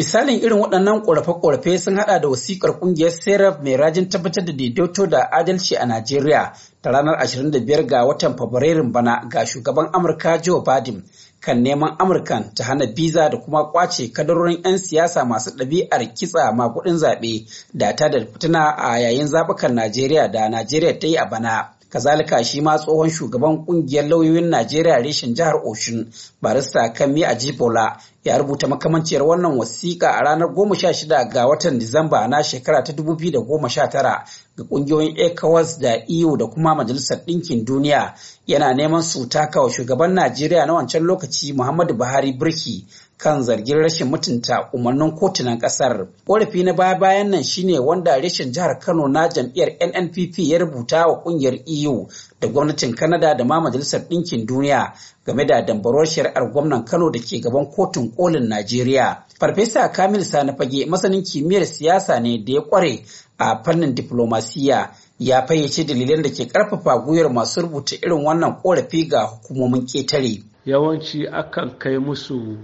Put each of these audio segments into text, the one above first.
Misalin irin waɗannan ƙorafe-ƙorafe sun haɗa da wasiƙar ƙungiyar Seraf mai rajin tabbatar da daidaito da adalci a Najeriya ta ranar 25 ga watan Fabrairun bana ga shugaban Amurka Joe Biden kan neman Amurkan ta hana biza da kuma ƙwace kadarorin 'yan siyasa masu ɗabi'ar kitsa makuɗin zaɓe da ta da fitina a yayin zaɓukan Najeriya da Najeriya ta yi a bana. Kazalika shi ma tsohon shugaban kungiyar lauyoyin Najeriya reshen jihar Oshun barista Kami Ajibola ya rubuta makamanciyar wannan wasiƙa a ranar 16 ga watan Disamba na shekara ta 2019 ga kungiyoyin ECOWAS da EU da kuma Majalisar Ɗinkin Duniya yana neman su taka wa shugaban Najeriya na wancan lokaci Muhammadu Buhari birki kan zargin rashin mutunta umarnin kotunan kasar. Ƙorafi na baya bayan nan shine wanda rashin jihar Kano na jam'iyyar NNPP ya rubuta wa ƙungiyar EU da gwamnatin Kanada da ma Majalisar Ɗinkin Duniya game da dambarwar shari'ar gwamnan Kano da ke gaban kotun kolin Najeriya. Farfesa Kamil Sani Fage masanin kimiyyar siyasa ne da ya ƙware a fannin diplomasiya ya fayyace dalilan da ke ƙarfafa gwiwar masu rubuta irin wannan korafi ga hukumomin ƙetare. Yawanci akan kai musu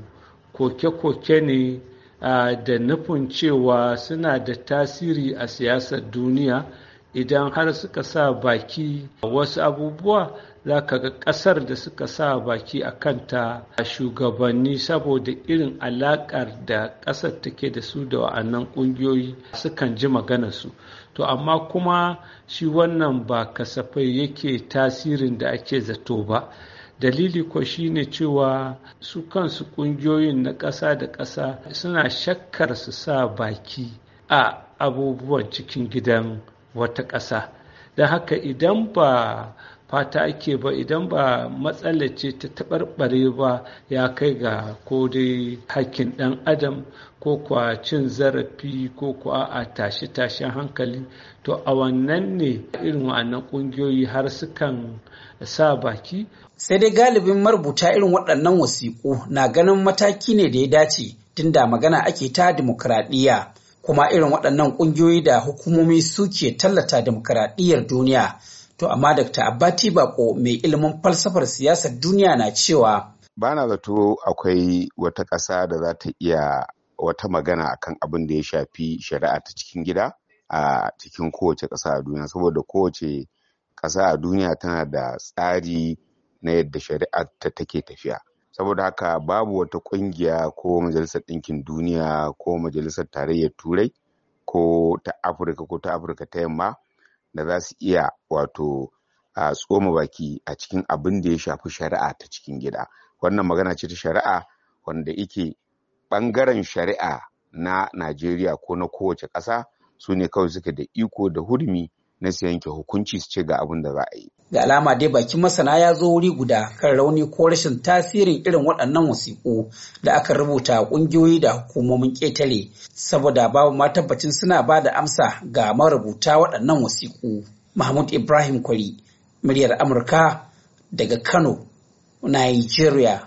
koke-koke ne da nufin cewa suna da tasiri a siyasar duniya idan har suka sa baki a wasu abubuwa za ka ga ƙasar da suka sa baki a kanta a shugabanni saboda irin alaƙar da ƙasar take da su da wa'annan ƙungiyoyi sukan ji su? to amma kuma shi wannan ba kasafai yake tasirin da ake zato ba dalili ko shine cewa su kansu kungiyoyin na ƙasa da ƙasa suna shakkar su sa baki a abubuwan cikin gidan wata ƙasa don haka idan ba fata ake ba idan ba matsala ce ta taɓarɓare ba ya kai ga ko dai hakkin ɗan adam ko kwa cin zarafi ko kwa a tashi tashen hankali to a wannan ne irin wannan ƙungiyoyi har sukan sa baki sai dai galibin marubuta irin waɗannan wasiƙu na ganin mataki ne da ya dace tunda magana ake ta dimokuraɗiyya kuma irin waɗannan ƙungiyoyi da hukumomi suke tallata dimokuraɗiyyar duniya to amma dr abbati bako mai ilimin falsafar siyasar duniya na cewa ba na zato akwai wata ƙasa da za ta iya wata magana akan abin da ya shafi shari'a ta cikin gida a cikin kowace ƙasa a duniya saboda kowace ƙasa a duniya tana da tsari na yadda shari'a ta take tafiya saboda haka babu wata kungiya ko majalisar ɗinkin duniya ko majalisar tarayyar turai ko ta afirka ko ta afirka ta yamma da za su iya wato a tsoma baki a cikin abin da ya shafi shari'a ta cikin gida wannan magana ce ta shari'a wanda ike bangaren shari'a na najeriya ko na kowace ƙasa su ne kawai suke da iko da hurumi na su yanke hukunci su ce ga abin da za a yi Ga alama dai bakin masana ya zo wuri guda kan rauni ko rashin tasirin irin waɗannan wasiƙu da aka rubuta ƙungiyoyi da hukumomin ƙetare saboda babu ma tabbacin suna ba da amsa ga marubuta waɗannan wasiƙu. Mahmud Ibrahim Kwari, muryar Amurka daga Kano, Nigeria.